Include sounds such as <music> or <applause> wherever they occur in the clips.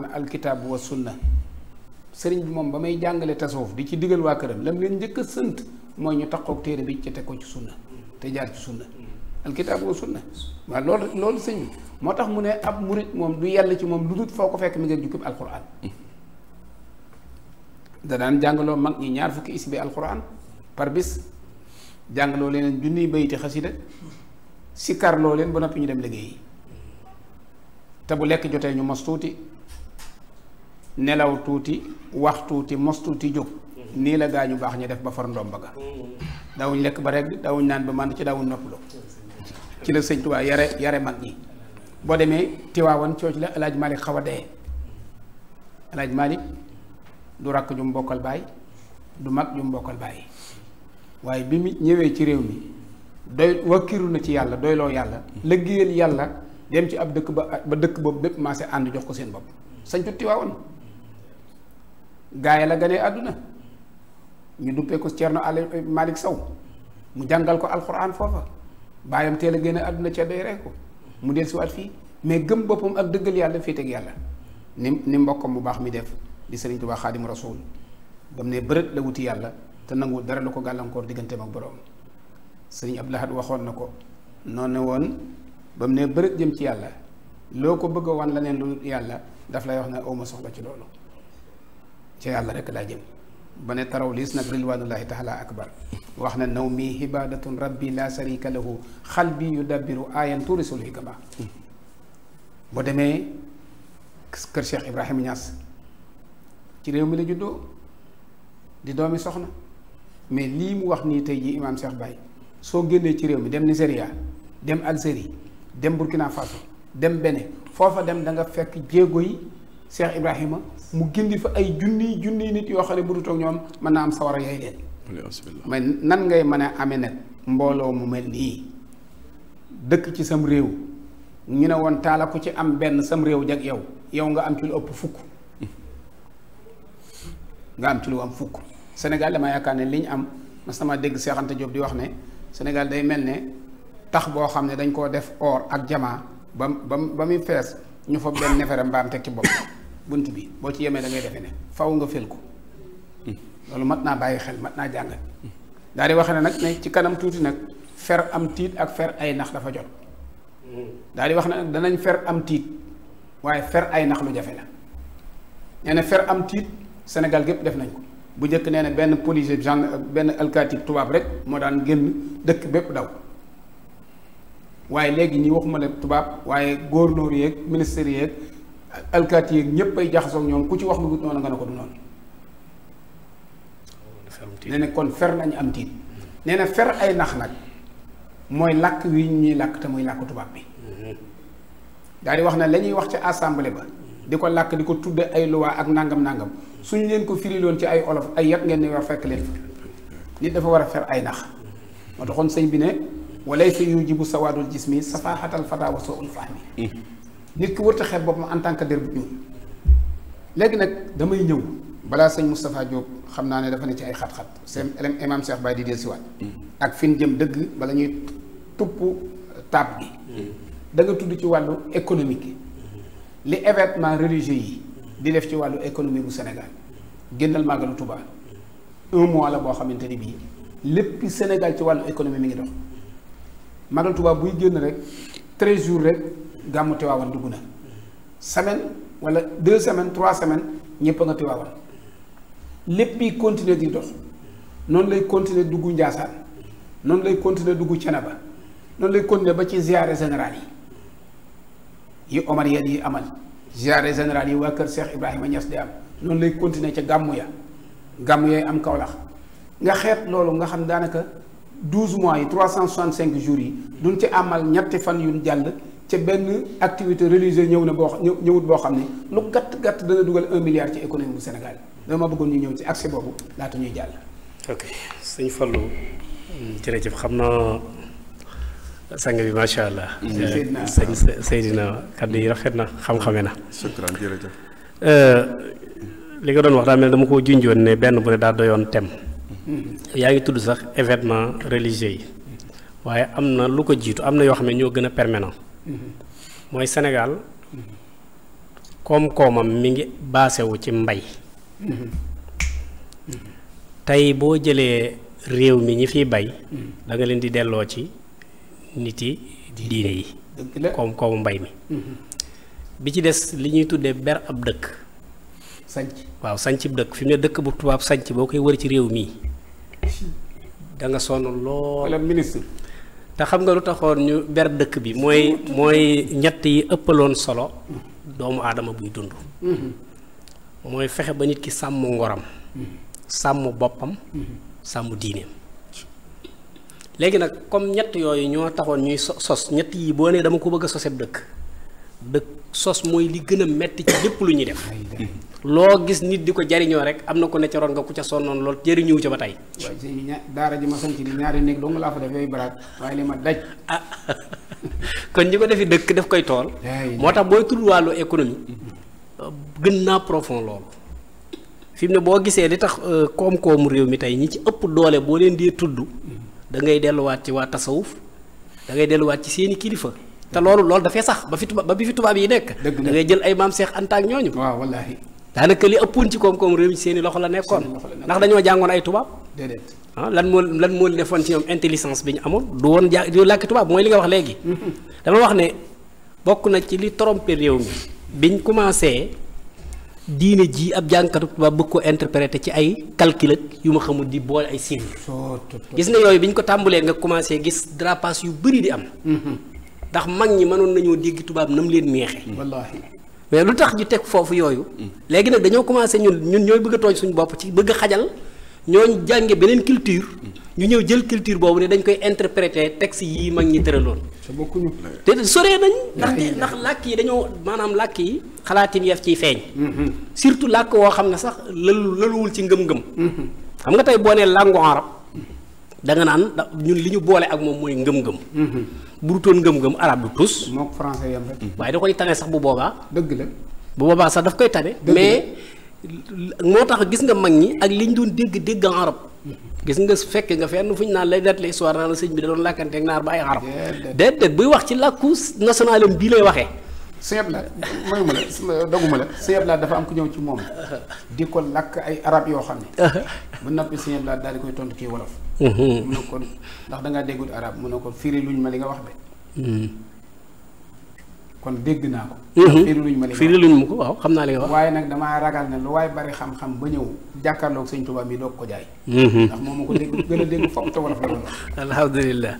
maanaam alkitab wa sunna sëriñ bi moom ba may jàngale tasawuf di ci diggal waa këram lam leen njëkk a sant mooy ñu takkook téere bi ci teg ko ci sunna te jaar ci sunna alkitab wa sunna waaw loolu loolu sëñ bi moo tax mu ne ab murit moom du yàlla ci lu dut foo ko fekk mi ngi jukkib alquran da daan jàngaloo mag ñi ñaar fukki isbi alkuraan par bis jàngaloo leneen junniy bayti xasida sikarloo leen ba noppi ñu dem liggéey yi te bu lekk jotee ñu mos tuuti nelaw tuuti wax tuuti mos tuuti jóg mm-hmm. nii la gaa ñu baax ñu def ba far ndomba ga mm-hmm. daawuñ lekk ba rek daawuñ naan ba mànd ci nopp noppalu ci la sëñ Tuubaa yare yare mag ñi boo demee Tiwaawan cooc la alaaj Malik xaw a dee alaaj Malik du rakk ju mbokkal baay du mag ju mbokkal baay waaye bi mu ñëwee ci réew mi doy wakkiru na ci yàlla doyloo yàlla liggéeyal yàlla dem ci ab dëkk ba ba dëkk boobu bépp maase ànd jox ko seen bopp sañcu Tiwaawan gaay la gane àdduna ñu duppee ko Cerno Ale Malick Sow mu jàngal ko alxuraan foofa baayam teel a génn àdduna ca doy rek ko mu del siwaat fii mais gëm boppam ak dëggal yàlla teg yàlla ni ni mbokkam bu baax mi def di Sëriñ Tuubaa Xaadimu Rasuul ba mu ne bërët la wuti yàlla te nangu dara lu ko gàllankoor digganteem ak boroom Sëriñ Abdul Ahad waxoon na ko noonu ne woon ba mu ne bërët jëm ci yàlla loo ko bëgg a wan la neen lu yàlla daf lay wax ne awma soxla ci loolu ca yàlla rekk laa jëm ba ne taraw liis nag rilwanullahi taala akbar wax na naw mi hibadatun rabbi la sharika lahu xalbi yu dabbiru ayan tuurisul hikama boo demee kër Cheikh Ibrahima Niass ci réew mi la juddoo di doomi soxna mais lii mu wax nii tey jii imaam Cheikh Baye soo génnee ci réew mi dem Nigéria dem Algérie dem Burkina Faso dem Bénin foofa dem da fekk jéego yi Cheikh Ibrahima mu gindi fa ay junniy junni nit yoo xam ne bu toog ñoom mën naa am sawar a yaay leen. nan ngay mën a amee nag mbooloo mu mel nii dëkk ci sam réew ñu ne woon taala ku ci am benn sam réew jag yow yow nga am ci lu ëpp fukk nga am ci lu am fukk Sénégal dama yaakaar ne li ñu am mas sama dégg Cheikh Anta di wax ne senegal day mel ne tax boo xam ne dañ koo def or ak jamaa ba ba ba muy fees ñu fa benn nefere mbaam teg ci bopp bunt bi boo ci yemee da ngay ne faw nga fel ko hmm. loolu mat naa bàyyi xel mat naa jàngat hmm. daal di wax ne nag ne ci kanam tuuti nag fer am tiit ak fer ay nax dafa jot hmm. daal di wax na nag danañ fer am tiit waaye fer ay nax lu jafe la nee fer am tiit Sénégal gépp def nañ ko bu njëkk nee na benn policier genre benn alkaati tubaab rek moo daan génn dëkk bépp daw waaye léegi ñi waxuma ne tubaab waaye góornóor yeeg ministère yeeg alkaati yeeg ñëpp ay jaxasoog ñoom ku ci wax lu dul noonu nga ne ko du noonu. nee na kon fer nañu am tiit nee na fer ay nax nag mooy làkk wi ñuy làkk te muy làkk tubaab bi. Mm-hmm. daal di wax na la ñuy wax ci assemblée ba. di ko làkk di ko tudde ay luwaa ak nangam nangam suñu leen ko firiloon ci ay olof ay yat ngeen ne war fekk leen fa nit dafa war a fer ay nax moo taxoon sëñ bi ne walay sa yujibu sawaadul jismi safaaxatal fataa wa soo ul fahmi mm. nit ki wërta xeeb boppam en tant que der bu ñuul léegi nag damay ñëw balaa sëñ Moustapha Diop xam naa ne dafa ne ci ay xat-xat seen imam Cheikh Baye di dellusiwaat mm. ak fin jëm dëgg bala ñuy tupp taab bi mm. da tudd ci wàllu économique mm. li événement religieux yi di def ci wàllu économie bu Sénégal génnal màggalu Touba un mois la boo xamante ni bii lépp Sénégal ci wàllu économie mi ngi dox màggalu Touba buy génn rek treize jours rek gàmmu Tiwaawan dugg na semaine wala deux semaine trois semaines ñëpp a nga Tiwaawan lépp yi continuer di dox noonu lay continuer dugg Njaasaan noonu lay continuer dugg Cenaba noonu lay continuer ba ci ziare général yi yi Omar yéen yi amal ziare général yi waa kër Cheikh Ibrahima Niass de am noonu lay continuer ca gàmmu ya gàmmu yooyu am Kaolack nga xeet loolu nga xam daanaka douze mois yi trois cent soixante cinq jours yi duñ ci amal ñetti fan yu jàll ci benn activité religieuse ñëw na boo ñëwut boo xam ne lu gàtt gàtt dana dugal un milliard ci économie bu Sénégal dama bëggoon ñu ñëw ci accès boobu laata ñuy jàll. ok sëñ Fallou jërëjëf xam naa sang macha allah. Mm, sëñ euh, Seydina kaddu yi rafet na xam-xame na. sukran jërëjëf. Euh, li nga doon wax daa mel dama koo junjoon ne benn bu ne daa doyoon thème. Mm. yaa ngi tudd sax événement religieux yi. Mm. waaye am na lu ko jiitu am na yoo xam ne ñoo gën a permanent. mooy Sénégal koom-koomam mi ngi baasewu ci mbay tey boo jëlee réew mi ñi fiy bay danga leen di delloo ci nit yi diine yi koom-koomu mbay mi bi ci des li ñuy tuddee ber ab dëkk sanc waaw sanc dëkk fi mu ne dëkk bu tubaab sanc boo koy wër ci réew mii da sonn lool te xam nga lu taxoon ñu ber dëkk bi mooy mooy ñett yi ëppaloon solo doomu aadama buy dund mooy fexe ba nit ki sàmm ngoram sàmm boppam sàmm diineem léegi nag comme ñett yooyu ñoo taxoon ñuy sos ñett yi boo nee dama ko bëgg a dëkk dëkk sos mooy li gën a metti ci lépp lu ñuy def loo gis nit di ko jariñoo rek am na ko ne ca nga ku ca sonnoon lool jëriñëwu ca ba tey waaye si daara ji ma sanc ni ñaari néeg dong laa fa def yooyu baraag waaye li ma daj ah, <laughs> kon ñi ko defi dëkk daf koy tool moo tax booy tudd wàllu gën naa profond loolu fi mu ne boo gisee li tax euh, koom-koomu réew mi tey ñi ci ëpp doole boo leen dee tudd da ngay delluwaat ci waa tasawuf da ngay delluwaat ci seeni kilifa te loolu loolu dafay sax ba fi tubaab ba bi fi tubaab yi nekk da jël ay maam Seex Anta ak ñooñu waaw daanaka li ëppoon ci koom-koom réew mi seen i loxo la nekkoon ndax dañoo jàngoon ay tubaab déedéet ah lan moo lan moo defoon ci ñoom intelligence bi ñu amoon du woon ja du làkki tubaab mooy li nga wax léegi <laughs> dama wax ne bokk na ci li trompé réew mi biñ commencé diine ji ab jànkatu tubaab bëgg ko interpréter ci ay calcul yu ma xamul di boole ay chiffres gis na yooyu bi ko tàmbalee nga commencé gis drapage yu bëri di am mm-hmm. ndax mag ñi mënoon nañoo dégg tubaab nam leen neexee wallaahi mais lu tax ñu teg foofu yooyu. Hmm. léegi nag dañoo commencé ñun ñun ñooy bëgg a suñu bopp ci bëgg a xajal ñooñu jànge beneen culture. Hmm. ñu ñëw jël culture boobu ne dañ koy interpréter texte yii mag ñi tëraloon. te bokkuñu. Hmm. te soree nañ. ndax ndax làkk yi dañoo maanaam làkk yi. xalaatin yaf ciy feeñ. surtout làkk woo xam ne sax lalu laluwul ci ngëm-ngëm. xam nga tey boo nee làngu arab danga nga naan ñun li ñu boole ak moom mooy ngëm-ngëm. Mhm. bu dutoon ngëm-ngëm arab du tus. moom yam rek. waaye da koy tane sax bu boobaa. dëgg bu boobaa sax daf koy tane. mais moo tax gis nga mag ñi ak li ñu doon dégg dégg en arab. Mhm. gis nga fekk nga fenn fu ñu naan lay nettali histoire naan la sëñ bi da doon làkkante naar ba ay arab. déedéet buy wax ci làkku nationalam bii lay waxee. Sëñ Abdoulaye mayuma la doguma la Sëñ laa dafa am ku ñëw ci moom di ko lakk ay arab yoo xam ne ba noppi Sëñ laa daal di koy tontu kii wolof mhm. mu ne ko ndax dangaa déggul arab mu ne ko lu ñu ma li nga wax be kon dégg naa ko. Mhm. firi luñ ma ko waaw xam naa li nga wax. waaye nag damaa ragal ne lu waaye bari xam-xam ba ñëw jàkkaarloog sëñ Tuubaa mi doog ko jaay. Mhm. ndax moom ma ko dégg gën a dégg foog te la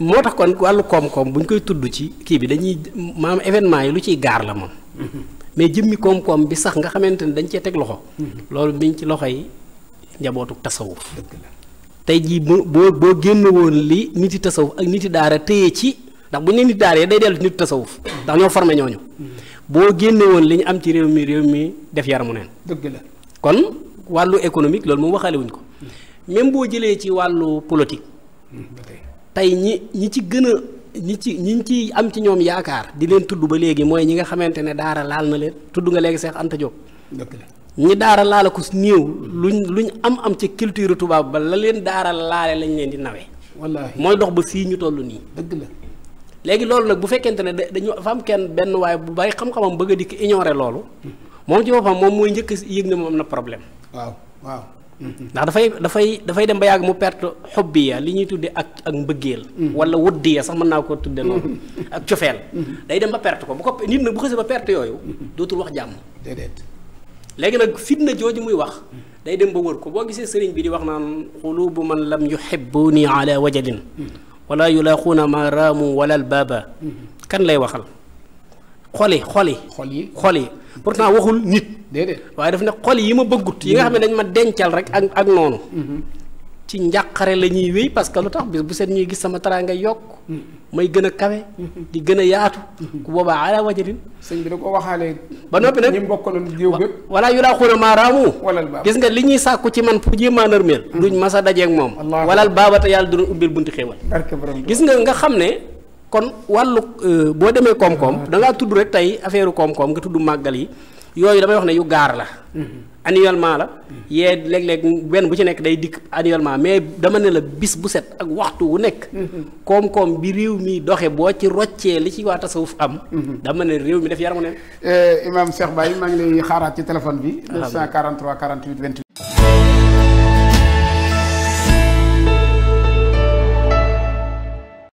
moo tax kon wàllu koom-koom bu ñu koy tudd ci kii bi dañuy maam événement yi lu ciy gaar la moom. Mhm. mais jëmmi koom-koom bi sax nga xamante ne dañ cee teg loxo. loolu biñ ci loxo yi njabootu tasawuf. dëgg la tey jii boo boo génn woon li niti tasawuf ak niti daara téye ci ndax bu ñu nit daaree day dellu ci nit tasawuf ndax ñoo formé ñooñu boo génne woon li ñu am ci réew mi réew mi def yaramu neen dëgg la kon wàllu économique loolu moom waxaale wuñ ko même boo jëlee ci wàllu politique tey ñi ñi ci gën a ñi ci ñi ci am ci ñoom yaakaar di leen tudd ba léegi mooy ñi nga xamante ne daara laal na leen tudd nga léegi Cheikh Anta Diop ñi daara laala ko néew luñ ñu am am ci culture tubaab ba la leen daara laale lañ leen di nawee wallaahi mooy dox ba fii ñu toll nii léegi loolu nag bu fekkente ne dañu fa am kenn benn waaye bu bari xam-xamam bëgg a dikk ignorer loolu moom ci boppam moom mooy njëkk yëg ne moom am na problème waaw waaw ndax dafay dafay dafay dem ba yàgg mu perte xobbiya li ñuy tudde ak ak mbëggeel wala wuddiya sax mën naa koo tudde noonu ak cofeel day dem ba perte ko bu ko nit nag bu xësee ba perte yooyu dootul wax jàmm léegi nag fit na jooju muy wax day dem ba wër ko boo gisee sëriñ bi di wax naan xulubu man lam yuhibbuni ala wajalin wala yulaaquuna ma raamu wala albaaba mm-hmm. kan lay waxal xoli xoli xol yi pourtant waxul nit déedéet waaye daf ne xol yi ma bëggut yi nga xam ne dañ ma dencal rek ak ak noonu mm-hmm. ci njàqare la ñuy wéy parce que lu tax bis bu seen ñuy gis sama taraangay yokk may gën a kawe di gën a yaatu ku boobaa ala wajalin sëñ da ko waxaale ba noppi nag ñi bokkaloon jiw bépp yu laa xuuna maa raamu gis nga li ñuy sàkku ci man pour jéem a nërmeel hmm. duñ mas a dajeeg moom walal baabata yàlla duna ubbil bunti xéewal gis nga nga xam ne kon wàllu euh, boo demee koom-koom hmm. da tudd rek tey affaire koom-koom nga tudd màggal yi yooyu damay wax ne yu gaar la hmm. annuellement la yee léeg-léeg benn bu ci nekk day dikk annuellement mais dama ne la bis bu set ak waxtu wu nekk koom-koom bi réew mi doxe boo ci roccee li ci waa tasawuf am dama ne réew mi def yaramu neen eh, Imam Cheikh Baye maa ngi lay xaaraat ci téléphone bi 943 48 28